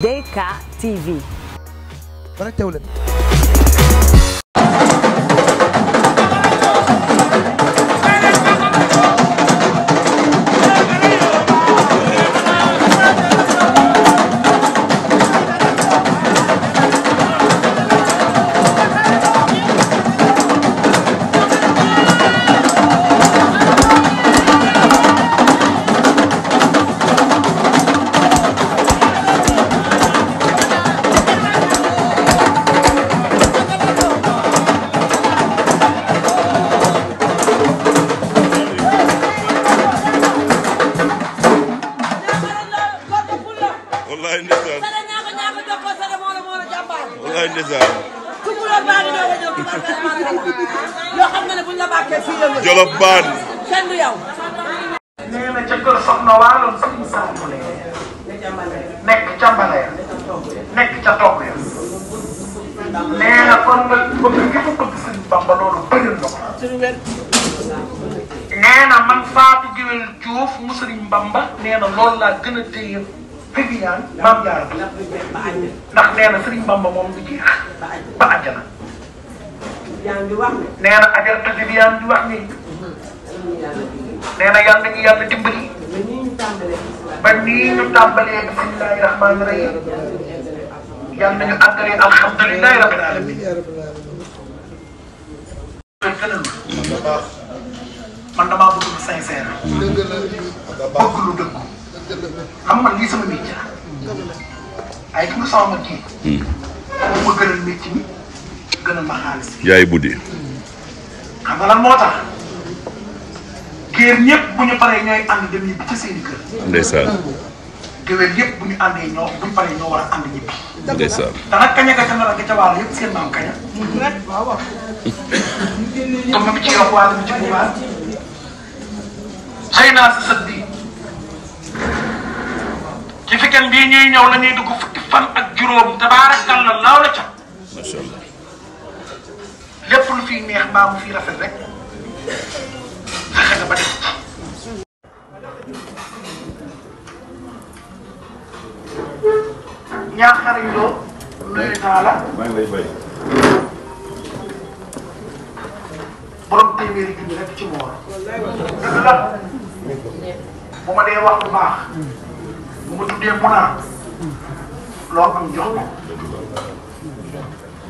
DKTV. yoo ca kër soxna waaloon sëñ Saal nekk ca Mbaleer ca togg ya nee na kon nag bëgg gi mu bëgg sëñ Bamba loolu bëri na ko nee na a fii ñaan maam jaara ndax nee na Serigne Bamba moom du jeex ba àjjana nee na ajarta bi yaan di wax ni nee na yal nañu yàlla dimbali ba nii ñu tàmbalee bismillahi rahmaani rahim yal nañu àggalee alhamdulilahi rabbil alamin man damaa bëgg lu sincère bëgg lu xam man lii sama métier la. ay ki nga sama mag kii. moom hmm. xam nga lan moo tax. géer ñëpp bu ñu paree ñooy ànd dem ñibbi ca seeni kër. ndeysaan. géwél yëpp bu ñu àndee ñoo bu ñu paree ñoo war a ànd ñibbi. ndeysaan. daanaka kaña nga ca nar a nga ca waar seen maam kaña. waaw waaw. comme ci wax waa ci bu baax. xëy naa sa sët ci fiken bii ñuy ñëw la ñuy dugg fukki fan ak juróom tabaarakalla laaw la ca. macha allah lépp lu fiy neex mbaa mu fiy rafet rek fexe nga ba def ñaaxariñ la. ci moor. dëgg la ma dee wax bu ma tuddee munaa loo am jox ko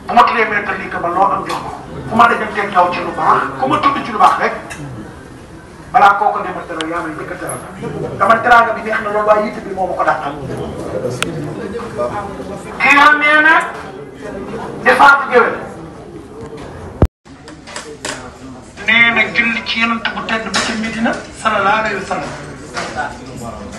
bu ma tuddee maître lii ba loo am jox ku ma tudd ci lu balaa kooku ne ma teral yaa may teral dama teraanga bi neex na loolu bi moo ma ko dàqal. kii nga nee na defaat géwél nee na julli ci yonent bu tedd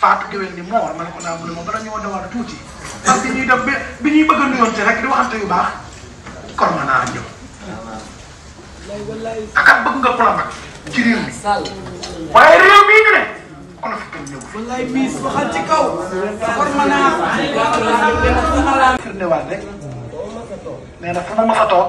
faatu géwél ni moo war ma ne ko naa mu ne ma ñoo dawaat tuuti parce que ñuy dem bi ñuy bëgg a nuyoonte rek di waxante yu baax kon ma naa ñëw akaat bëgg nga problème ci réew mi waaye réew mii ñu ne kon fi kenn ñëw wallaay miis waxal ci ma naa firndewaat rek nee na fu ma ma fa toog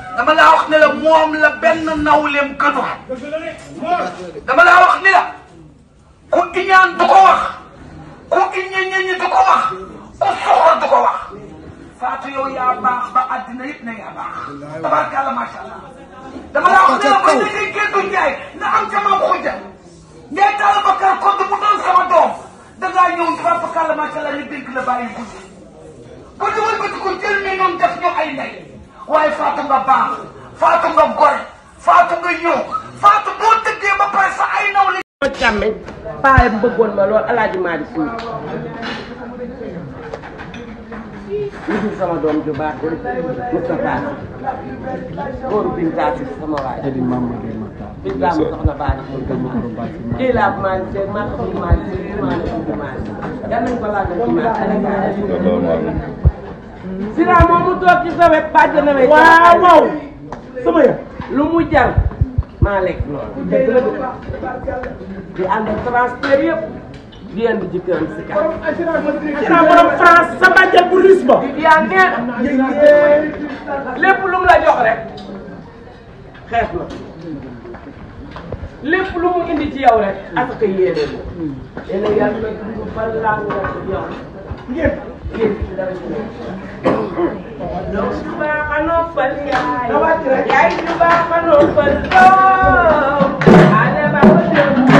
dama laa wax ne la moom la benn nawleem gënu dama laa wax ni ku iñaan du wax ku iññeññi du ko wax ku soxor du wax Fatou yow yaa baax ba àddina yëpp na yaa baax tabarkàlla macha allah dama laa wax ne la ko dañuy géndu Ndiaye na am jamaam xujja Ndiaye Talla Bakar kon bu doon sama doom dangaa ñëw tabarkàlla macha allah ñu dénk la bàyyi guddi guddi wëlbati ko jël mi noonu def ñu ay ndey waaye faatu nga baax faatu nga gore faatu nga ñëw faatu boo tëggee ba pare sa ay naw li ma càmmeñ paayam bëggoon ma loolu alaaji maali si ñu dul sama doom ju baax Moustapha góoru Binta si sama waay Binta mu soxna baax kii laa maali si maa ko maali si maa ko maali si Sida moom mu toog ci sa wet bàjj na wet. waaw waaw sama ya lu mu jar maa lekk loolu. dëgg la di ànd ak transfert yëpp di andi si kan. sa bàjjal bu riche ba. yaa nee na lépp lu mu la jox rek xeex na. lépp lu mu indi ci yow rek. ak kay yéene la. Hmm. yéen a yàlla na dund balaa nga yow. loo su baax a noppal yaay yaay su baax a noppal doom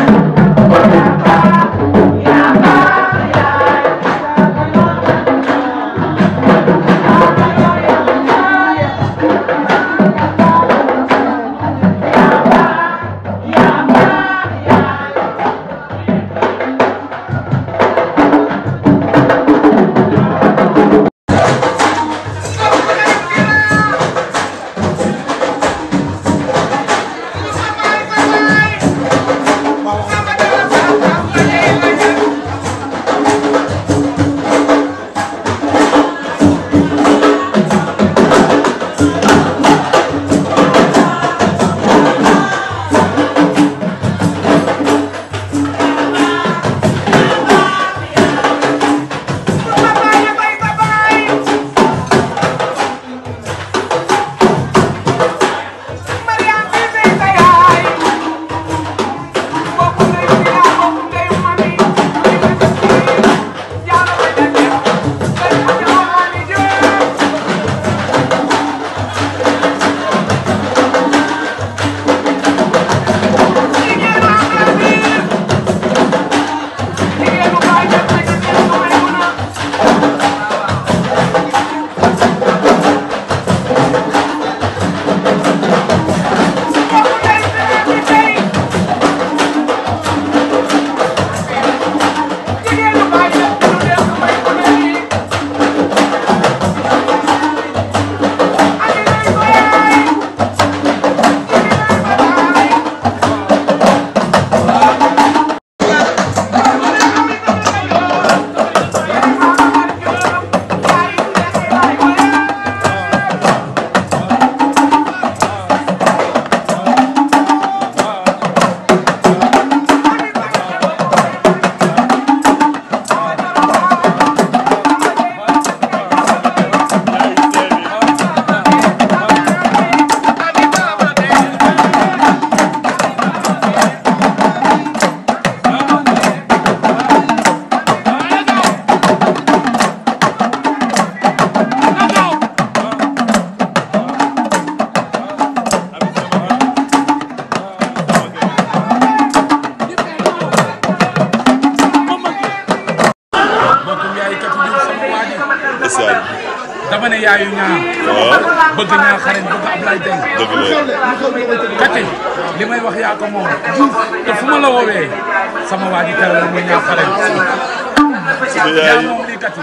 yaayu ñaa. bëgg ñaa xarañ bëgg Ablaye Diagne. dëgg la kati li may wax yaa ko moom. fu ma la woowee sama waa ji teral mu ñaa xarañ. suñu yaay moom lii kati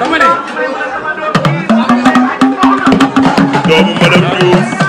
dama ne. doomu madame Diouf.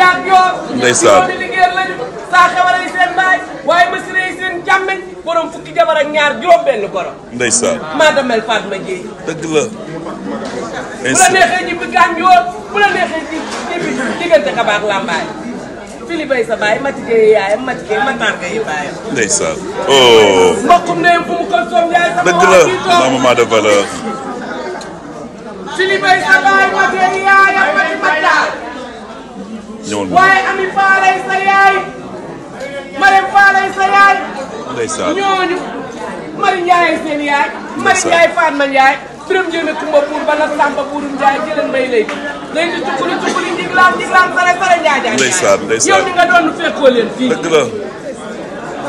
jaag yoor ndeysaan di liggéey lañu seen baay waaye ma yi seen jàmmeñ borom fukki jabar ak benn goro ndeysaan maa damel Fatma Dieye dëgg la bu neexee ñibbi gaan yoor bu la neexee ci ñibbi diggante xabaar làmbaay fili bay sa baay Mati Gueye yaayam Mati Gueye Matar Gueye baayam ndeysaan oh mbokkum ndeyam fu mu ko soom yaay sama dëgg la maama maa de valeur fili bay sa baay Mati Gueye yaayam Mati ñëwoon waaye Ami Faalay sa yaay Marème Faalay sa yaay. ndeysaan Mari Ndiaye seen yaay. ndeysaan Mari Ndiaye Fatma Ndiaye. Birame Ndiaye Kumba Buur Bala Samba Buuru Ndiaye jëleen may léegi. léegi tukkuli tukkuli njiglaan njiglaan sare sare Ndiaye Ndiaye. ndeysaan ndeysaan yow ni nga doon fekkoo leen fii. dëgg la.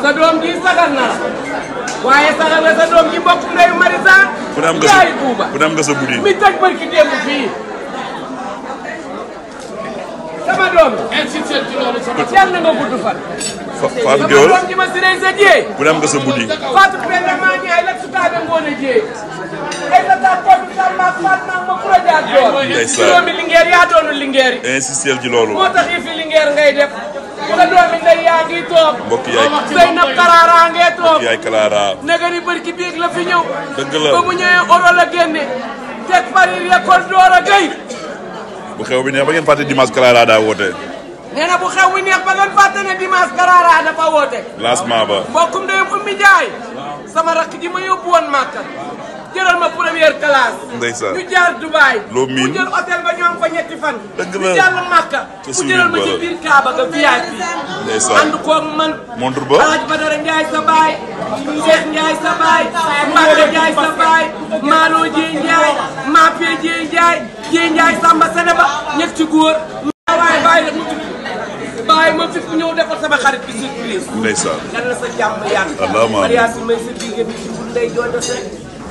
sa doom bi sagal na waaye sagal nga sa doom ji mbokk ndeyu Marisa. bu daan nga sa bu daan nga sa fii. sama doom. insisté loolu sama doom. yal na nga gudd fan. fa Fatou ji ma siree sa jiyee. bu dem nga sa buddi. Fatou Penda maa ngi ay su taale ngoon a jiyee. ay la taa kootu Samba Fatma ma kura jaar door. ndeysaan juróomi lingeer yaa doonu lingeer loolu. moo tax yi lingeer ngay def. sa doomi ndey yaa ngi toog. mbokk yaay say na karaaraa ngay toog. yaay karaaraa. naka ni bërki biig la fi ñëw. ba mu ñëwee oro la génne. teg pari récolte door a gay. bu xew bi ba ngeen fàtte dimanche Clara woote. nee na bu xew ba ngeen fàtte ne dimanche Clara dafa woote. lancement ba. mbokkum ndeyam Oumy Ndiaye. sama rakk ji ma yóbbu jëlal ma première classe. ndeysaan ñu jaar Dubaay. mu jël hôtel ba ñoom fa ñetti fan. dëgg la ñu jàll Màkka. ma ci biir Kaaba nga VIP. ndeysaan ànd koog man. montre ba Alaaji Badara Ndiaye sa baay. Cheikh Ndiaye sa baay. Mbacke Ndiaye sa baay. Maaloo Samba Sene ba góor. waaye bàyyi la mu tudd. bàyyi ma fi ku ñëw defal sama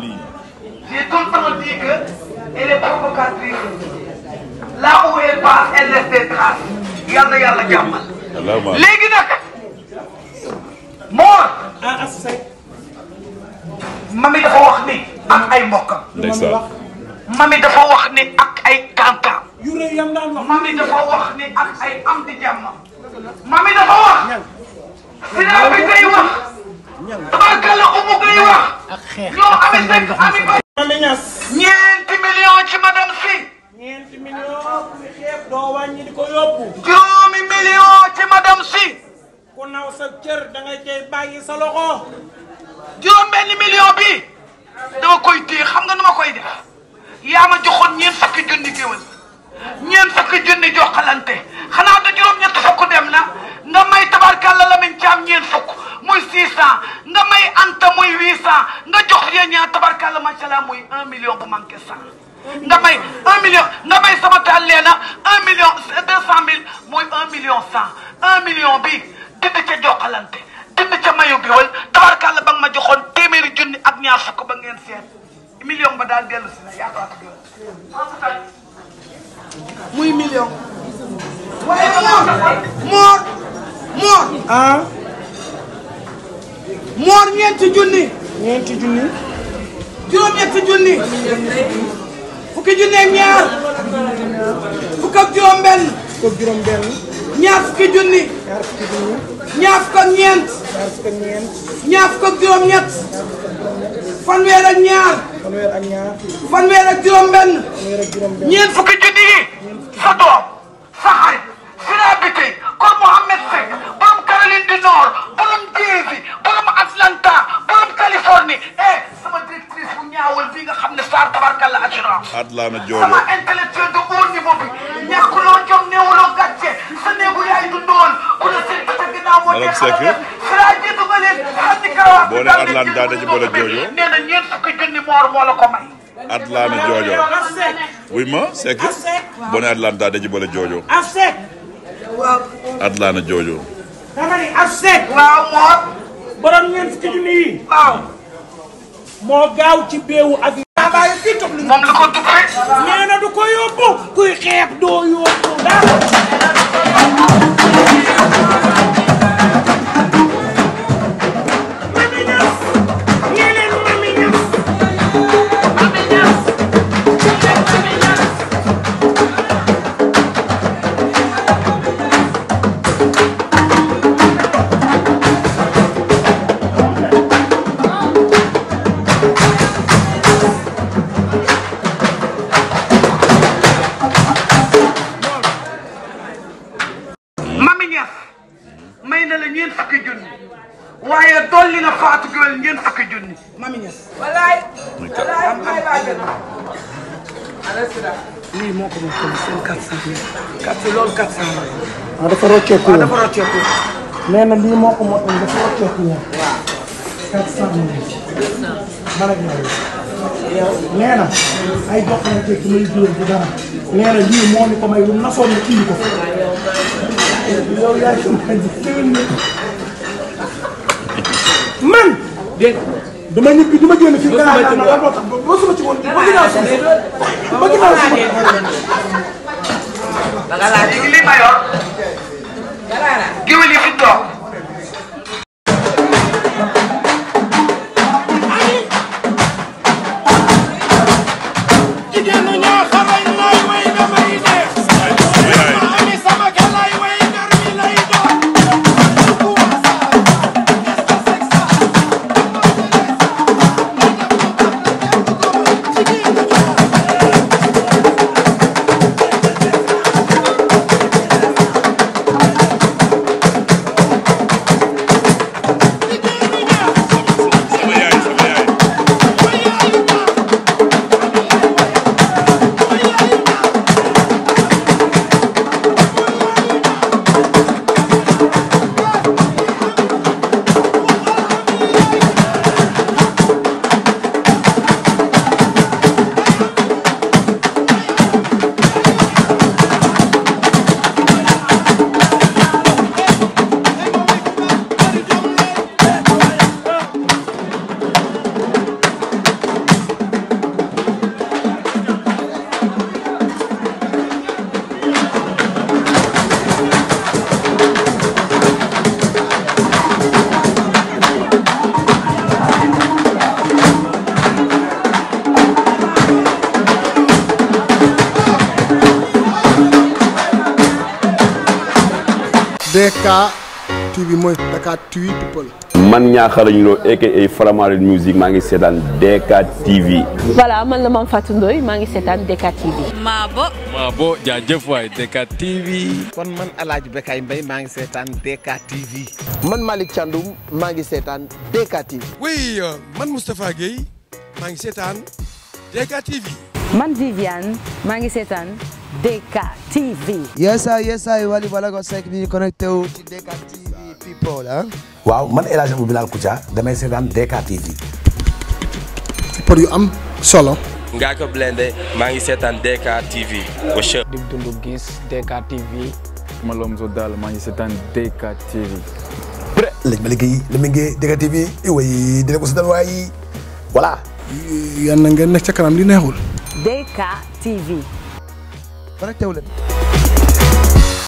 lii. j'ai constamment dit que elle est provocatrice là où elle passe elle laisse des traces yal na yàlla jàmmal. léegi nag Mor. ah, ah mami dafa wax ni ak ay mbokkam. ndeysaan. mami dafa wax ni ak ay kàntaam. yu rëy yam naan wax. mami dafa wax ni ak ay am di jàmmam. mami dafa wax. dinaa bi tey wax. xeex. ñeenti million ci madame si. million ci xeex ko yóbbu. juróomi million ci madame si. ku million bi dama koy téye xam nga nu koy def yaa ma joxoon ñeent fukki junni géwél ñeent fukki junni joxalante xanaa da juróom ñett fukk dem na nga may tabarkàlla la min ci am ñeent fukk muy six cent nga may anta muy huit cent nga jox yéen ñaa tabarkàlla macha allah muy un million bu manqué cent. nga may un million nga may sama taal leena un million un million bi dindi ca jokkalante dindi ca mayu bi wal tabarkàlla ba nga ma joxoon téeméeri junni ak ñaar fukk ba ngeen seet million ba daal dellu si na yaakaar muy million. waaye moor moor ah? moor ñeenti junni. ñeenti junni. juróom-ñetti junni. fukki junni ak ñaar. fukk ak juróom-benn. fukk ak juróom-benn. ñaar fukki junni. ñaar fukki junni. ñaar fukk ak ñeent. ñaar fukk ak ñeent. ñaar fukk ak juróom-ñett. fanweer ak ñaar. fanweer ak ñaar. fanweer ak juróom-benn. fanweer ak juróom-benn. ñeent fukki junni yi. islaam joojo sama intellectuel de haut niveau bi ñàkkuloo jom néewuloo gàcce sa néegu yaay dundoon ku la seen bëtë ginnaaw moo dee xam ne sira jiitu nga leen xam ni karawaat boo ne atlaan daa daji boole joojo nee na ñeent fukki junni moor moo la ko may atlaan joojo wuy ma sekk boo ne atlaan daa daji boole joojo atlaan joojo dama ni ab seet waaw moor borom ñeent fukki junni yi waaw moo gaaw ci beewu ak. moom la ko nee na du ko yóbbu kuy xeeb doo yóbbu dara defal ñeent fukki junni. mami Niass. walaay. walaay may bàjjël. lii moo ko moom seen 400 mille. 400 loolu 400 la. ah dafa rocceeku woon dafa rocceeku woon. nee na lii moo ko moom dafa rocceeku woon. waaw. 400 mille. nee na ay joxante ki muy dóor bu dara. nee na lii moo ñu ko may lu nasoon na indi ko. yow yaa ngi dégg dama ñibbi dama génn fii. ba suba ci woon ba suba ci woon ba ginnaaw suba ba ginnaaw suba. da nga laaj li ma yor. géwél yi fi toog. DKTV mooy Dakar TV people. man ñaaxarañ loo aka Faramaren music maa ngi seetaan DKTV. voilà man la Mame Fatou Ndoye maa ngi seetaan DKTV. Maabo. Maabo jaajëf waay DKTV. kon man alaaj Hadj Bekay Mbaye maa ngi seetaan DKTV. man Malick Thiandoum maa ngi seetaan DKTV. oui euh, man Moustapha Guèye maa ngi seetaan DKTV. man Viviane maa ngi seetaan. DKTV. yes sir yes sir Wally Ballago Seck mi ngi connecté wu ci DKTV people ah. waaw man El Hadj Abou Bilal Koutia damay seetaan DKTV. pour yu am solo. ngaa ko blende maa ngi seetaan DKTV. di dundu gis DKTV. Malomzo Dal maa ngi seetaan DKTV. pré lañ ma liggéey li mu ngi DKTV iway dina ko seetaan waayi voilà. yal na ngeen nekk kanam li neexul. DKTV. connecté wu leen